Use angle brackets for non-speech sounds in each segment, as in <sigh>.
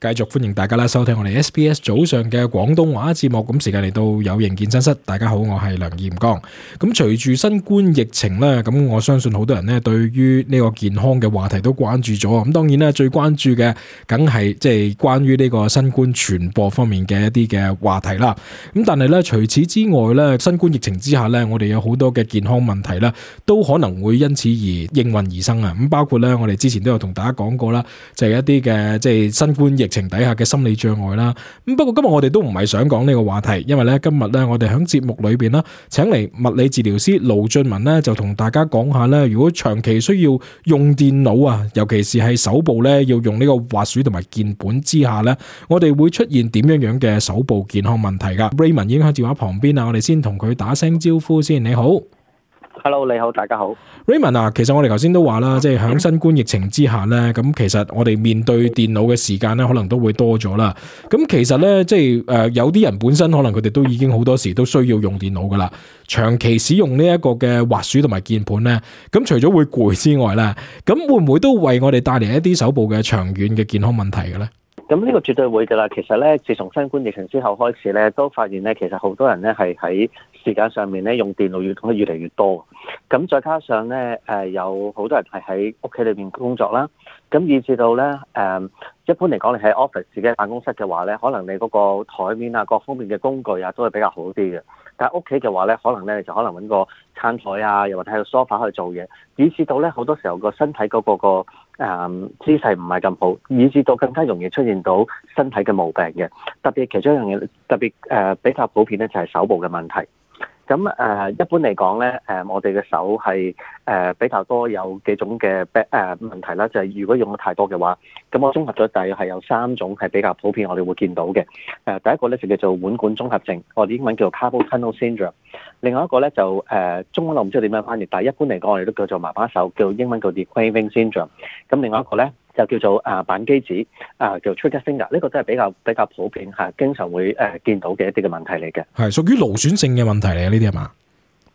繼續歡迎大家啦，收聽我哋 SBS 早上嘅廣東話節目。咁時間嚟到有營健身室，大家好，我係梁焱剛。咁隨住新冠疫情咧，咁我相信好多人咧對於呢個健康嘅話題都關注咗。咁當然咧，最關注嘅梗係即係關於呢個新冠傳播方面嘅一啲嘅話題啦。咁但係咧，除此之外咧，新冠疫情之下咧，我哋有好多嘅健康問題咧，都可能會因此而應運而生啊。咁包括咧，我哋之前都有同大家講過啦，就係、是、一啲嘅即係新冠疫。情底下嘅心理障礙啦，咁、嗯、不過今日我哋都唔係想講呢個話題，因為咧今日咧我哋響節目裏邊啦，請嚟物理治療師盧俊文咧就同大家講下咧，如果長期需要用電腦啊，尤其是係手部咧要用呢個滑鼠同埋鍵盤之下咧，我哋會出現點樣樣嘅手部健康問題噶。Raymond 已經喺電話旁邊啊，我哋先同佢打聲招呼先，你好。Hello，你好，大家好。Raymond 啊，其實我哋頭先都話啦，即係響新冠疫情之下咧，咁其實我哋面對電腦嘅時間咧，可能都會多咗啦。咁其實咧，即係誒，有啲人本身可能佢哋都已經好多時都需要用電腦噶啦。長期使用呢一個嘅滑鼠同埋鍵盤咧，咁除咗會攰之外咧，咁會唔會都為我哋帶嚟一啲手部嘅長遠嘅健康問題嘅咧？咁呢個絕對會噶啦，其實咧，自從新冠疫情之後開始咧，都發現咧，其實好多人咧係喺時間上面咧用電腦越越嚟越多。咁再加上咧，誒、呃、有好多人係喺屋企裏邊工作啦，咁以至到咧，誒、呃、一般嚟講，你喺 office 嘅辦公室嘅話咧，可能你嗰個台面啊，各方面嘅工具啊，都係比較好啲嘅。但屋企嘅話咧，可能咧就可能揾個餐台啊，又或者喺個梳化去做嘢，以至到咧好多時候個身體嗰個、那個誒、呃、姿勢唔係咁好，以至到更加容易出現到身體嘅毛病嘅，特別其中一樣嘢特別誒、呃、比較普遍咧就係、是、手部嘅問題。咁誒一般嚟講咧，誒我哋嘅手係誒比較多有幾種嘅誒問題啦，就、呃、係如果用得太多嘅話，咁我綜合咗，大概係有三種係比較普遍，我哋會見到嘅。誒、呃、第一個咧就叫做腕管綜合症，我哋英文叫做 carpal tunnel syndrome。另外一個咧就誒、呃、中文我唔知點樣翻譯，但係一般嚟講，我哋都叫做媽媽手，叫英文叫 de Quervain syndrome。咁另外一個咧，就叫做啊板機指，啊，叫 trigger finger 噶，呢個都係比較比較普遍吓，經常會誒見到嘅一啲嘅問題嚟嘅。係屬於勞損性嘅問題嚟嘅呢啲係嘛？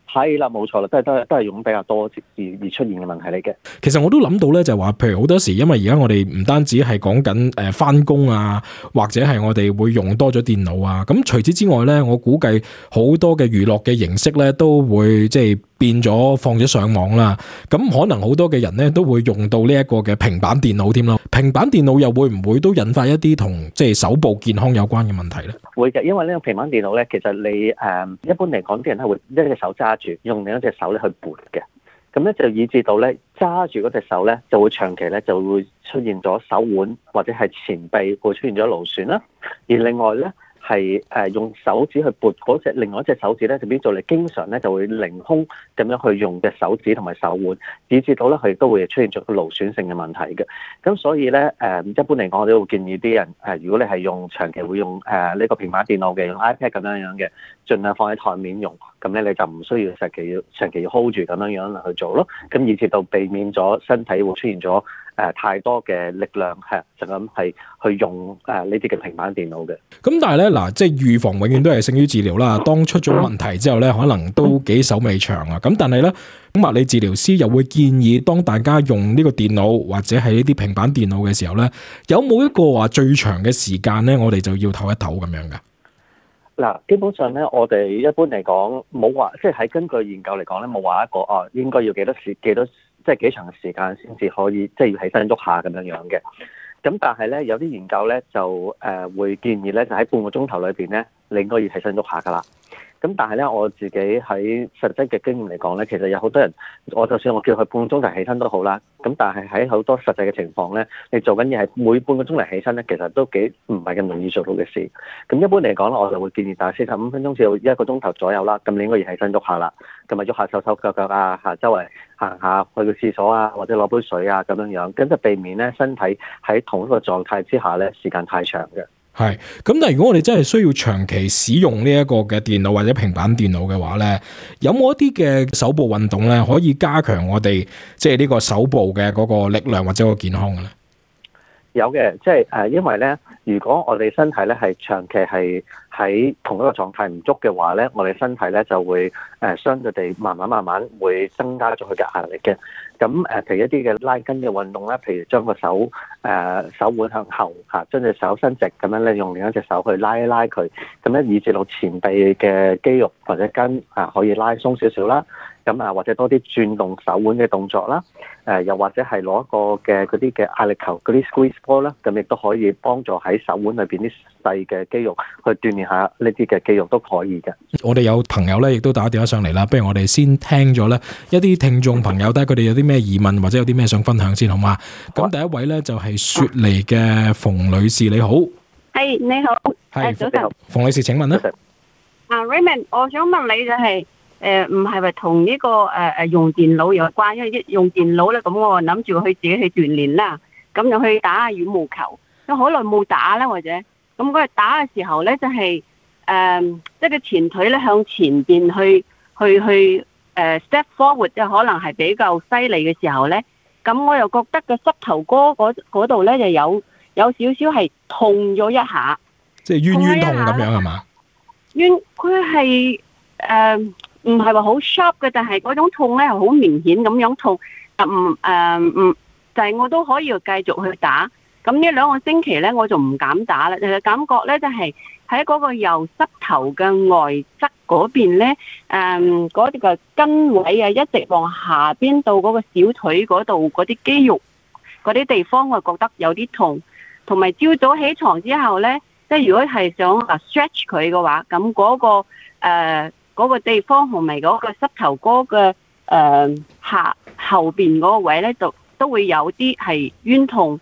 係啦，冇 <noise> 錯啦，都係都係都係用比較多而而出現嘅問題嚟嘅。其實我都諗到咧，就話、是、譬如好多時，因為而家我哋唔單止係講緊誒翻工啊，或者係我哋會用多咗電腦啊，咁除此之外咧，我估計好多嘅娛樂嘅形式咧，都會即係。變咗放咗上網啦，咁可能好多嘅人咧都會用到呢一個嘅平板電腦添囉。平板電腦又會唔會都引發一啲同即係手部健康有關嘅問題咧？會嘅，因為呢個平板電腦咧，其實你誒、嗯、一般嚟講啲人係會一隻手揸住，用另一隻手咧去撥嘅，咁咧就以致到咧揸住嗰隻手咧就會長期咧就會出現咗手腕或者係前臂會出現咗勞損啦。而另外咧。係誒、啊、用手指去撥嗰隻另外一隻手指咧，就叫做你經常咧就會凌空咁樣去用隻手指同埋手腕，以至到咧佢亦都會出現咗勞損性嘅問題嘅。咁所以咧誒、嗯、一般嚟講，我哋都會建議啲人誒、啊，如果你係用長期會用誒呢個平板電腦嘅，用 iPad 咁樣樣嘅，儘量放喺台面用，咁咧你就唔需要長期要長期要 hold 住咁樣樣去做咯。咁以至到避免咗身體會出現咗。誒、呃、太多嘅力量係，就咁、是、係去用誒呢啲嘅平板電腦嘅。咁但係咧，嗱、呃，即係預防永遠都係勝於治療啦。當出咗問題之後咧，可能都幾手尾長啊。咁但係咧，物理治療師又會建議當大家用呢個電腦或者係呢啲平板電腦嘅時候咧，有冇一個話最長嘅時間咧，我哋就要唞一唞咁樣㗎？嗱、呃，基本上咧，我哋一般嚟講冇話，即係喺根據研究嚟講咧，冇話一個哦，應該要幾多時幾多？即係幾長時間先至可以，即係要起身喐下咁樣樣嘅。咁但係咧，有啲研究咧就誒、呃、會建議咧，就喺半個鐘頭裏邊咧，你應該要起身喐下㗎喇。咁但係咧，我自己喺實際嘅經驗嚟講咧，其實有好多人，我就算我叫佢半個鐘頭起身都好啦。咁但係喺好多實際嘅情況咧，你做緊嘢係每半個鐘頭起身咧，其實都幾唔係咁容易做到嘅事。咁一般嚟講咧，我就會建議大概四十五分鐘至到一個鐘頭左右啦。咁你應該要起身喐下啦，同埋喐下手手腳腳啊，嚇周圍行下去個廁所啊，或者攞杯水啊咁樣樣，咁就避免咧身體喺同一個狀態之下咧時間太長嘅。係，咁但係如果我哋真係需要長期使用呢一個嘅電腦或者平板電腦嘅話咧，有冇一啲嘅手部運動咧，可以加強我哋即係呢個手部嘅個力量或者個健康咧？有嘅，即係誒，因為咧，如果我哋身體咧係長期係喺同一個狀態唔足嘅話咧，我哋身體咧就會誒相對地慢慢慢慢會增加咗佢嘅壓力嘅。咁誒，譬如一啲嘅拉筋嘅運動咧，譬如將個手誒手腕向後嚇，將隻手伸直咁樣咧，用另一隻手去拉一拉佢，咁咧以至到前臂嘅肌肉或者筋嚇可以拉鬆少少啦。咁啊，或者多啲轉動手腕嘅動作啦，誒、呃，又或者係攞一個嘅嗰啲嘅壓力球，嗰啲 squeeze ball 啦，咁亦都可以幫助喺手腕裏邊啲細嘅肌肉去鍛煉下呢啲嘅肌肉都可以嘅。我哋有朋友咧，亦都打電話上嚟啦，不如我哋先聽咗咧一啲聽眾朋友，睇下佢哋有啲咩疑問或者有啲咩想分享先，好嘛？咁、啊、第一位咧就係、是、雪梨嘅馮女士，你好，係、hey, 你好，係 Hey,、uh, 早晨，馮女士，請問啦，啊上、uh, Raymond，我想問你就係、是。誒，唔係咪同呢個誒誒、呃、用電腦有關，因為用電腦咧，咁我諗住去自己去鍛煉啦，咁又去打下羽毛球。咁好耐冇打啦，或者，咁佢打嘅時候咧，就係、是、誒，即係個前腿咧向前邊去，去去誒、呃、step forward，即可能係比較犀利嘅時候咧。咁我又覺得個膝頭哥嗰度咧就有有少少係痛咗一下，即係瘀瘀痛咁樣係嘛？瘀，佢係誒。唔係話好 sharp 嘅，但係嗰種痛咧係好明顯咁樣痛，唔誒唔，但係我都可以繼續去打。咁呢兩個星期咧，我就唔敢打啦，就係感覺咧就係喺嗰個右膝頭嘅外側嗰邊咧，誒，嗰隻個筋位啊，一直往下邊到嗰個小腿嗰度嗰啲肌肉嗰啲地方，我覺得有啲痛。同埋朝早起床之後咧，即係如果係想啊 stretch 佢嘅話，咁嗰個誒。嗰個地方同埋嗰個膝頭哥嘅，誒下後邊嗰個位咧，就都，都會有啲係冤痛，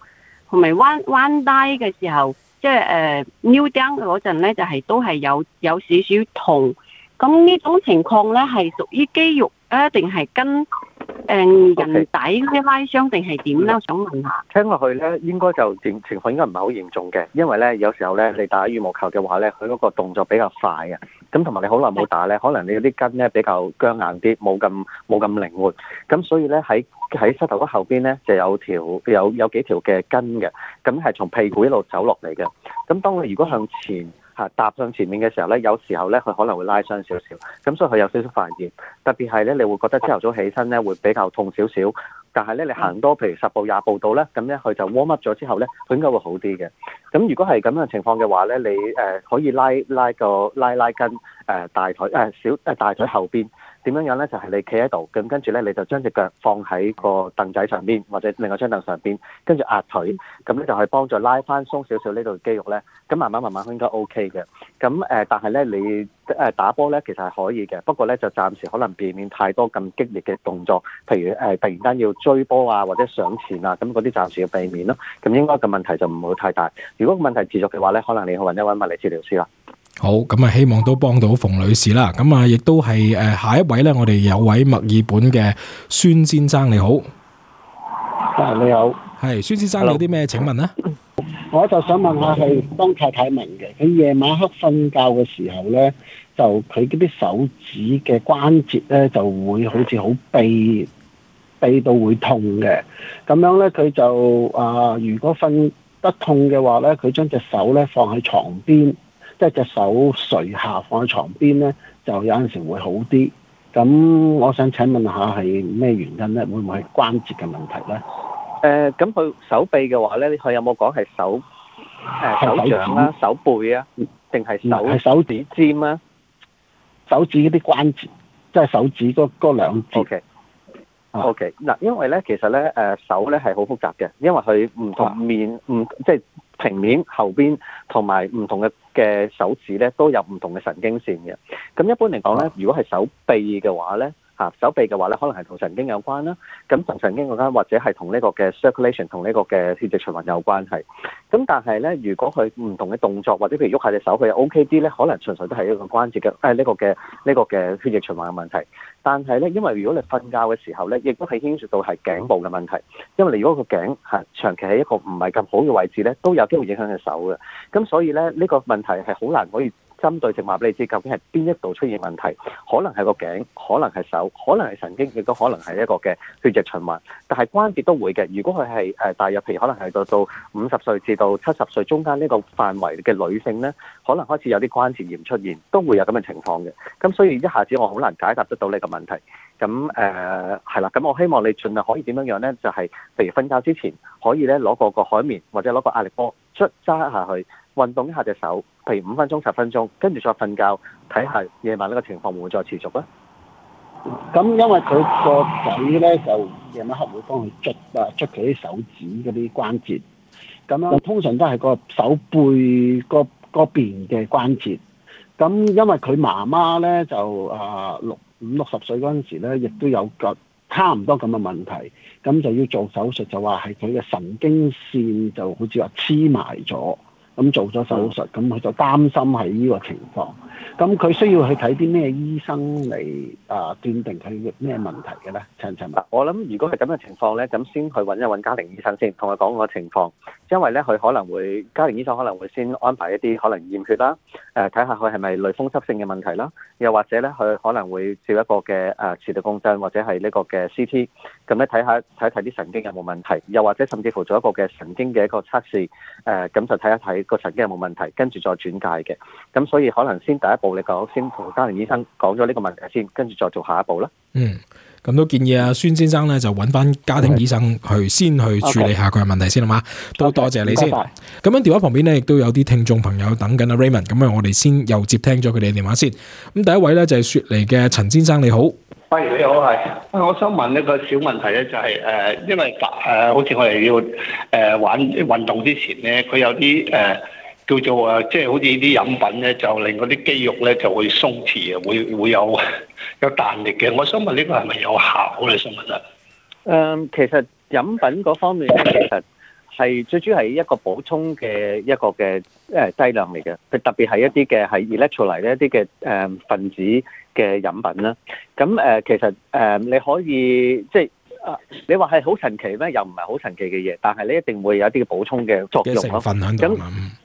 同埋彎彎低嘅時候，即係誒尿尿嗰陣咧，就係、是、都係有有少少痛。咁呢種情況咧，係屬於肌肉啊，定係筋？誒、嗯，人底嗰啲拉傷定係點咧？我想問下。聽落去咧，應該就情情況應該唔係好嚴重嘅，因為咧有時候咧你打羽毛球嘅話咧，佢嗰個動作比較快啊，咁同埋你好耐冇打咧，可能你嗰啲筋咧比較僵硬啲，冇咁冇咁靈活，咁所以咧喺喺膝頭骨後邊咧就有條有有幾條嘅筋嘅，咁係從屁股一路走落嚟嘅，咁當你如果向前。搭上前面嘅時候咧，有時候咧，佢可能會拉傷少少，咁所以佢有少少發炎，特別係咧，你會覺得朝頭早起身咧，會比較痛少少。但係咧，你行多，譬如十步廿步到咧，咁咧佢就 warm up 咗之後咧，佢應該會好啲嘅。咁如果係咁樣情況嘅話咧，你誒、呃、可以拉拉個拉拉筋誒、呃、大腿誒、呃、小誒、呃、大腿後邊點樣樣咧，就係、是、你企喺度，咁跟住咧你就將隻腳放喺個凳仔上邊或者另外張凳上邊，跟住壓腿，咁咧就係幫助拉翻鬆少少呢度肌肉咧，咁慢慢慢慢佢應該 OK 嘅。咁誒、呃，但係咧你。誒，打波咧其實係可以嘅，不過咧就暫時可能避免太多咁激烈嘅動作，譬如誒、呃、突然間要追波啊或者上前啊，咁嗰啲暫時要避免咯、啊。咁應該個問題就唔會太大。如果個問題持續嘅話咧，可能你去揾一揾物理治療師啦。好，咁啊希望都幫到馮女士啦。咁啊，亦都係誒、呃、下一位咧，我哋有位墨爾本嘅孫先生，你好。誒、啊，你好。係，孫先生 Hello. 有啲咩請問咧？我就想問下，係幫太太明嘅。佢夜晚黑瞓覺嘅時候呢，就佢嗰啲手指嘅關節呢，就會好似好痹痹到會痛嘅。咁樣呢，佢就啊、呃，如果瞓得痛嘅話呢，佢將隻手呢放喺床邊，即係隻手垂下放喺床邊呢，就有陣時會好啲。咁我想請問下係咩原因呢？會唔會係關節嘅問題呢？誒，咁佢手臂嘅話咧，佢有冇講係手誒手掌啦、手背啊，定係手係手指尖啊？手指嗰啲關節，即係手指嗰嗰兩節。OK，OK，嗱，因為咧，其實咧，誒手咧係好複雜嘅，因為佢唔同面，唔即係平面後邊，同埋唔同嘅嘅手指咧都有唔同嘅神經線嘅。咁一般嚟講咧，如果係手臂嘅話咧。嚇、啊、手臂嘅話咧，可能係同神經有關啦、啊。咁、嗯、同神經有關或者係同呢個嘅 circulation 同呢個嘅血液循環有關係、啊。咁但係咧，如果佢唔同嘅動作，或者譬如喐下隻手，佢又 OK 啲咧，可能純粹都係一個關節嘅誒呢個嘅呢、呢個嘅血液循環嘅問題。但係咧，因為如果你瞓覺嘅時候咧，亦都係牽涉到係頸部嘅問題。因為你如果你個頸嚇長期喺一個唔係咁好嘅位置咧，都有機會影響隻手嘅。咁、嗯、所以咧，呢、呢個問題係好難可以。針對性話俾你知究竟係邊一度出現問題，可能係個頸，可能係手，可能係神經，亦都可能係一個嘅血液循環。但係關節都會嘅。如果佢係誒大約，譬如可能係到到五十歲至到七十歲中間呢個範圍嘅女性呢，可能開始有啲關節炎出現，都會有咁嘅情況嘅。咁所以一下子我好難解答得到呢個問題。咁誒係啦。咁、呃、我希望你儘量可以點樣樣呢？就係、是、譬如瞓覺之前可以呢攞個個海綿或者攞個壓力波捽揸下去。運動一下隻手，譬如五分鐘、十分鐘，跟住再瞓覺，睇下夜晚呢個情況會唔會再持續咧？咁因為佢個仔咧就夜晚黑會幫佢捽啊，捽佢啲手指嗰啲關節，咁樣通常都係個手背嗰邊嘅關節。咁因為佢媽媽咧就啊六五六十歲嗰陣時咧，亦都有個差唔多咁嘅問題，咁就要做手術，就話係佢嘅神經線就好似話黐埋咗。咁做咗手術，咁佢就擔心係呢個情況。咁佢需要去睇啲咩醫生嚟啊？斷定佢咩問題嘅咧？陳陳文，我諗如果係咁嘅情況咧，咁先去揾一揾家庭醫生先，同佢講個情況，因為咧佢可能會家庭醫生可能會先安排一啲可能驗血啦，誒睇下佢係咪類風濕性嘅問題啦，又或者咧佢可能會照一個嘅誒、呃、磁力共振或者係呢個嘅 CT，咁咧睇下睇睇啲神經有冇問題，又或者甚至乎做一個嘅神經嘅一個測試，誒、呃、咁就睇一睇個神經有冇問題，跟住再轉介嘅，咁所以可能先。第一步，你講先同家庭醫生講咗呢個問題先，跟住再做下一步啦。嗯，咁都建議阿、啊、孫先生咧就揾翻家庭醫生去 Okay. 先去處理下佢嘅問題 Okay. 先，好嘛。都多謝你先。咁喺謝謝 電話旁邊咧，亦都有啲聽眾朋友等緊阿 Raymond。咁 Ray 啊，我哋先又接聽咗佢哋嘅電話先。咁第一位咧就係、是、雪梨嘅陳先生，你好。喂，你好，係。我想問一個小問題咧、就是，就係誒，因為誒、呃，好似我哋要誒、呃、玩運動之前咧，佢有啲誒。呃叫做啊，即、就、係、是、好似啲飲品咧，就令嗰啲肌肉咧就會鬆弛啊，會會有 <laughs> 有彈力嘅。我想問呢個係咪有效嘅食物啊？誒、嗯，其實飲品嗰方面呢其實係最主要係一個補充嘅一個嘅誒低量嚟嘅。特別係一啲嘅係 electrolyte 一啲嘅誒分子嘅飲品啦。咁誒、呃，其實誒、呃、你可以即係。啊、你話係好神奇咩？又唔係好神奇嘅嘢，但係你一定會有一啲嘅補充嘅作用咯。成咁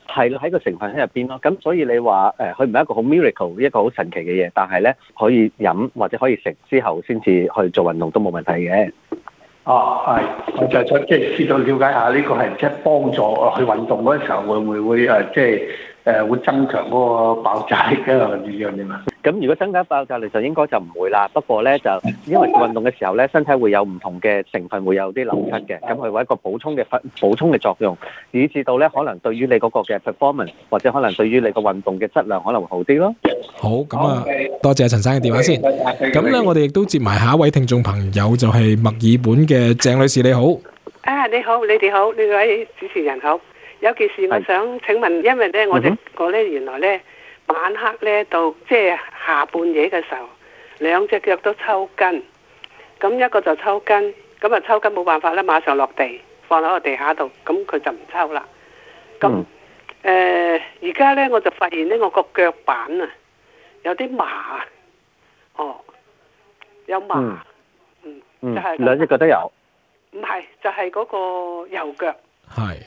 係喺個成分喺入邊咯。咁所以你話誒，佢唔係一個好 miracle，一個好神奇嘅嘢，但係咧可以飲或者可以食之後，先至去做運動都冇問題嘅。哦、啊，係，我就想即係知道了解下呢、呢個係即係幫助、呃、去運動嗰個時候會唔會會誒、呃，即係誒、呃、會增強嗰個爆炸力啊？樣樣呢樣嘢咁如果增加爆炸力就應該就唔會啦。不過咧就因為做運動嘅時候咧，身體會有唔同嘅成分會有啲流失嘅，咁佢有一個補充嘅分補充嘅作用，以至到咧可能對於你嗰個嘅 performance 或者可能對於你個運動嘅質量可能會好啲咯。好，咁啊，多謝陳生嘅電話先。咁咧，我哋亦都接埋下一位聽眾朋友，就係墨爾本嘅鄭女士，你好。啊，你好，你哋好，呢位主持人好。有件事我想請問，因為咧，我哋我咧原來咧。晚黑咧度，即係下半夜嘅時候，兩隻腳都抽筋，咁一個就抽筋，咁啊抽筋冇辦法啦，馬上落地放喺個地下度，咁佢就唔抽啦。咁誒，而家咧我就發現呢、這個，我個腳板啊有啲麻，哦，有麻，嗯，嗯，就係、是嗯、兩隻腳都有，唔係就係、是、嗰個右腳，係是，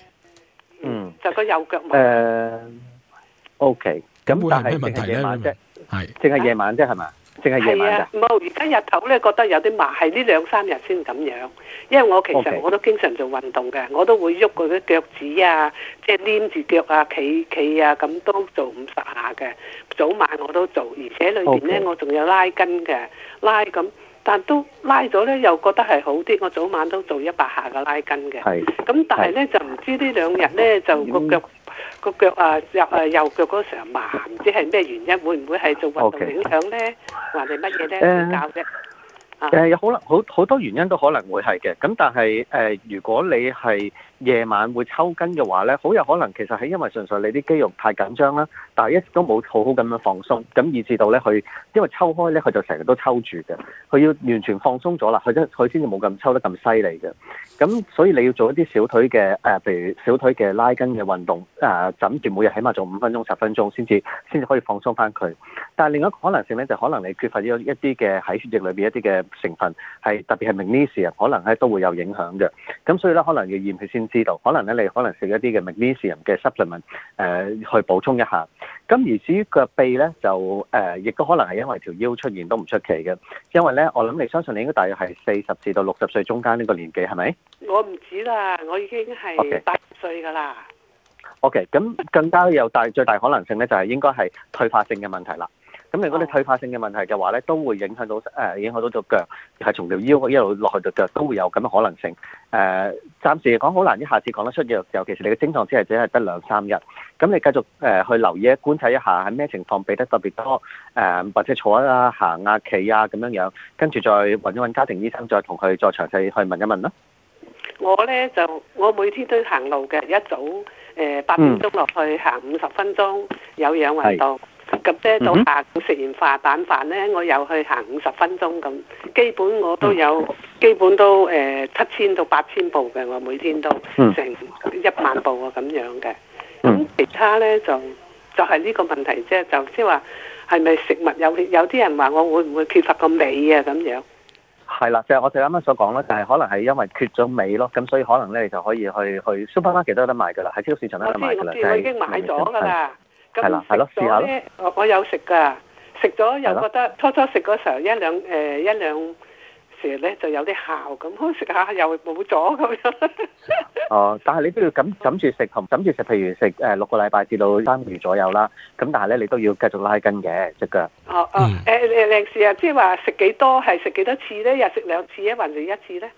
嗯，就個右腳麻，誒、嗯呃、，OK。咁但係咩問題咧？啫，係、啊，淨係夜晚啫，係嘛？淨係夜晚啊！而家日頭咧，覺得有啲麻，係呢兩三日先咁樣。因為我其實我都經常做運動嘅，我都會喐嗰啲腳趾啊，即係攣住腳啊，企企啊，咁、啊、都做五十下嘅。早晚我都做，而且裏邊咧我仲有拉筋嘅拉咁，但都拉咗咧又覺得係好啲。我早晚都做一百下嘅拉筋嘅。係，咁但係咧就唔知呢兩日咧就個腳。個腳啊右啊右腳嗰時候麻，唔知係咩原因，會唔會係做運動影響咧，Okay. 還是乜嘢咧？教啫、呃，呃、啊有可能，有好能好好多原因都可能會係嘅，咁但係誒、呃，如果你係。夜晚會抽筋嘅話咧，好有可能其實係因為純粹你啲肌肉太緊張啦，但係一直都冇好好咁樣放鬆，咁以至到咧佢因為抽開咧佢就成日都抽住嘅，佢要完全放鬆咗啦，佢真佢先至冇咁抽得咁犀利嘅。咁所以你要做一啲小腿嘅誒，譬、啊、如小腿嘅拉筋嘅運動，誒枕住每日起碼做五分鐘、十分鐘先至先至可以放鬆翻佢。但係另一個可能性咧，就是、可能你缺乏咗一啲嘅喺血液裏邊一啲嘅成分，係特別係 magnesium 可能咧都會有影響嘅。咁所以咧可能要驗血先。知道，可能咧你可能食一啲嘅 magnesium 嘅 supplement，誒、呃、去補充一下。咁而至於腳臂咧，就誒亦都可能係因為條腰出現都唔出奇嘅。因為咧，我諗你相信你應該大約係四十至到六十歲中間呢個年紀，係咪？我唔止啦，我已經係八十歲噶啦。OK，咁、okay, 更加有大最大可能性咧，就係、是、應該係退化性嘅問題啦。咁、嗯、如果你退化性嘅問題嘅話咧，都會影響到誒、呃、影響到隻腳，係從條腰一路落去隻腳，都會有咁嘅可能性。誒、呃，暫時嚟講好難一下子講得出嘅，尤其是你嘅症狀只係只係得兩三日。咁你繼續誒、呃、去留意一觀察一下，喺咩情況俾得特別多誒、呃，或者坐啊行啊企啊咁樣樣，跟住再揾一揾家庭醫生，再同佢再詳細去問一問啦。我咧就我每天都行路嘅，一早誒、呃、八點鐘落去行五十分鐘，有氧運動。嗯咁咧，到下午食完化淡飯咧，我又去行五十分鐘咁，基本我都有，基本都誒七千到八千步嘅，我每天都成一萬步啊咁樣嘅。咁其他咧就就係呢個問題啫，就即係話係咪食物有有啲人話我會唔會缺乏個味啊咁樣？係啦，就係我哋啱啱所講啦，但係可能係因為缺咗味咯，咁所以可能咧就可以去去 supermarket 都有得賣噶啦，喺超市場都有賣啦。我知，我知，我已經買咗噶啦。咁食咗，我我有食噶，食咗又覺得的初初食嗰時候一兩誒、呃、一兩時咧就有啲效，咁好食下又冇咗咁樣。哦，但係你都要諗諗住食同諗住食，譬如食誒、呃、六個禮拜至到三個月左右啦。咁但係咧，你都要繼續拉筋嘅隻腳。哦哦，誒零時啊，你你你即係話食幾多係食幾多次咧？又食兩次咧，還是一次咧？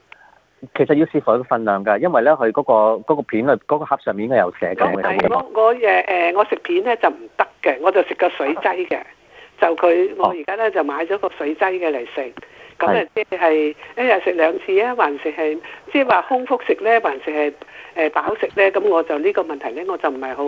其實要視乎佢份量㗎，因為咧佢嗰個片啊，嗰、嗰個盒上面應該有寫嘅。但係咯，我誒誒、呃，我食片咧就唔得嘅，我就食個水劑嘅。就佢，哦、我而家咧就買咗個水劑嘅嚟食。咁啊、就係，即係一日食兩次啊，還是係即係話空腹食咧，還是係誒飽食咧？咁我就呢個問題咧，我就唔係好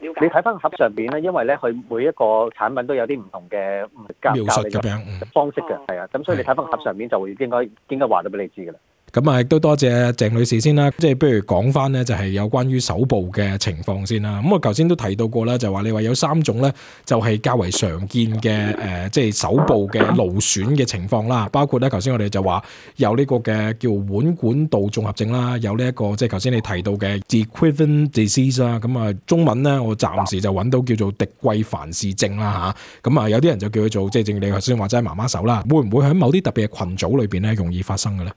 瞭解。你睇翻個盒上邊咧，因為咧佢每一個產品都有啲唔同嘅教教嘅方式㗎，係啊，咁所以你睇翻個盒上面，就會應該應該話到俾你知㗎啦。咁啊，亦都、嗯、多謝鄭女士先啦。即係不如講翻咧，就係、是、有關於手部嘅情況先啦。咁、嗯、我頭先都提到過啦，就話你話有三種咧，就係、是、較為常見嘅誒、呃，即係手部嘅勞損嘅情況啦。包括咧，頭先我哋就話有呢個嘅叫腕管道綜合症啦，有呢、這、一個即係頭先你提到嘅 De Quervain disease 啦。咁、嗯、啊、嗯，中文咧，我暫時就揾到叫做狄桂凡氏症啦吓，咁啊，嗯、有啲人就叫佢做即係正你頭先話齋媽媽手啦。會唔會喺某啲特別嘅群組裏邊咧容易發生嘅咧？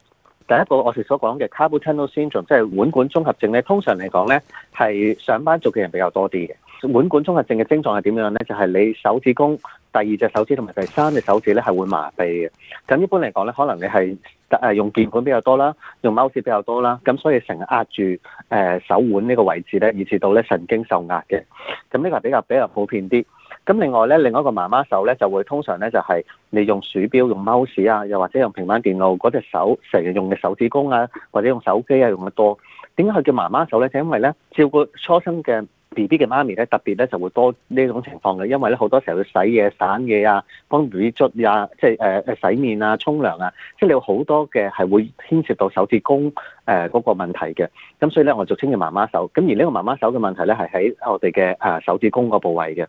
第一個我哋所講嘅 carpal tunnel syndrome，即係腕管綜合症咧，通常嚟講咧係上班族嘅人比較多啲嘅。腕管綜合症嘅症狀係點樣咧？就係、是、你手指公第二隻手指同埋第三隻手指咧係會麻痹嘅。咁一般嚟講咧，可能你係誒用鍵盤比較多啦，用 mouse 比較多啦，咁所以成日壓住誒手腕呢個位置咧，以至到咧神經受壓嘅。咁、這、呢個比較比較普遍啲。咁另外咧，另外一個媽媽手咧，就會通常咧就係你用鼠標、用 mouse 啊，又或者用平板電腦嗰隻手成日用嘅手指公啊，或者用手機啊用得多。點解佢叫媽媽手咧？就因為咧照顧初生嘅 B B 嘅媽咪咧，特別咧就會多呢種情況嘅，因為咧好多時候要洗嘢、散嘢啊，幫女卒啊，即係誒誒洗面啊、沖涼啊，啊，啊，即係你好多嘅係會牽涉到手指公誒嗰、呃嗰個問題嘅。咁所以咧，我俗稱嘅媽媽手。咁而呢個媽媽手嘅問題咧，係喺我哋嘅誒手指公個部位嘅。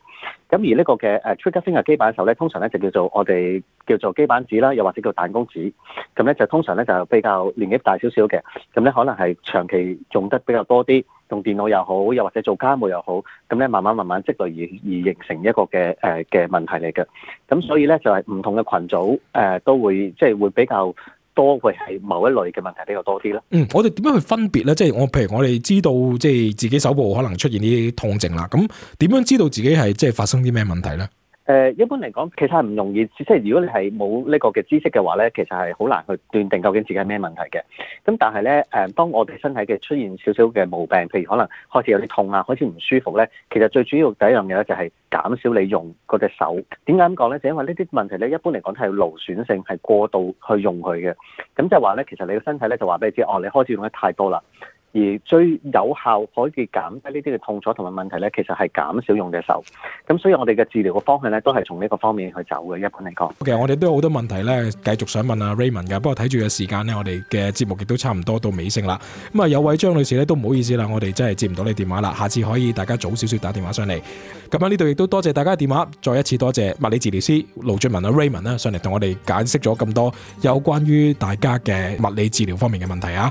咁而呢個嘅誒 trigger finger 基板嘅時候咧，通常咧就叫做我哋叫做基板指啦，又或者叫彈弓指。咁咧就通常咧就比較年紀大少少嘅，咁咧可能係長期用得比較多啲，用電腦又好，又或者做家務又好，咁咧慢慢慢慢積累而而形成一個嘅誒嘅問題嚟嘅。咁所以咧就係、是、唔同嘅群組誒、呃、都會即係、就是、會比較。多會係某一類嘅問題比較多啲啦。嗯，我哋點樣去分別呢？即係我，譬如我哋知道即係自己手部可能出現啲痛症啦。咁點樣知道自己係即係發生啲咩問題呢？誒一般嚟講，其實係唔容易，即係如果你係冇呢個嘅知識嘅話咧，其實係好難去斷定究竟自己係咩問題嘅。咁但係咧，誒當我哋身體嘅出現少少嘅毛病，譬如可能開始有啲痛啊，開始唔舒服咧，其實最主要第一樣嘢咧就係減少你用嗰隻手。點解咁講咧？就因為呢啲問題咧，一般嚟講係勞損性，係過度去用佢嘅。咁就話咧，其實你嘅身體咧就話俾你知，哦，你開始用得太多啦。而最有效可以減低呢啲嘅痛楚同埋問題呢，其實係減少用嘅手。咁所以我哋嘅治療嘅方向呢，都係從呢個方面去走嘅，一般嚟講。其實、okay, 我哋都有好多問題呢，繼續想問阿 Raymond 噶。不過睇住嘅時間呢，我哋嘅節目亦都差唔多到尾聲啦。咁啊，有位張女士呢，都唔好意思啦，我哋真係接唔到你電話啦。下次可以大家早少少打電話上嚟。咁啊，呢度亦都多謝大家嘅電話，再一次多謝物理治療師盧俊文啊 Raymond 啦上嚟同我哋解釋咗咁多有關於大家嘅物理治療方面嘅問題啊！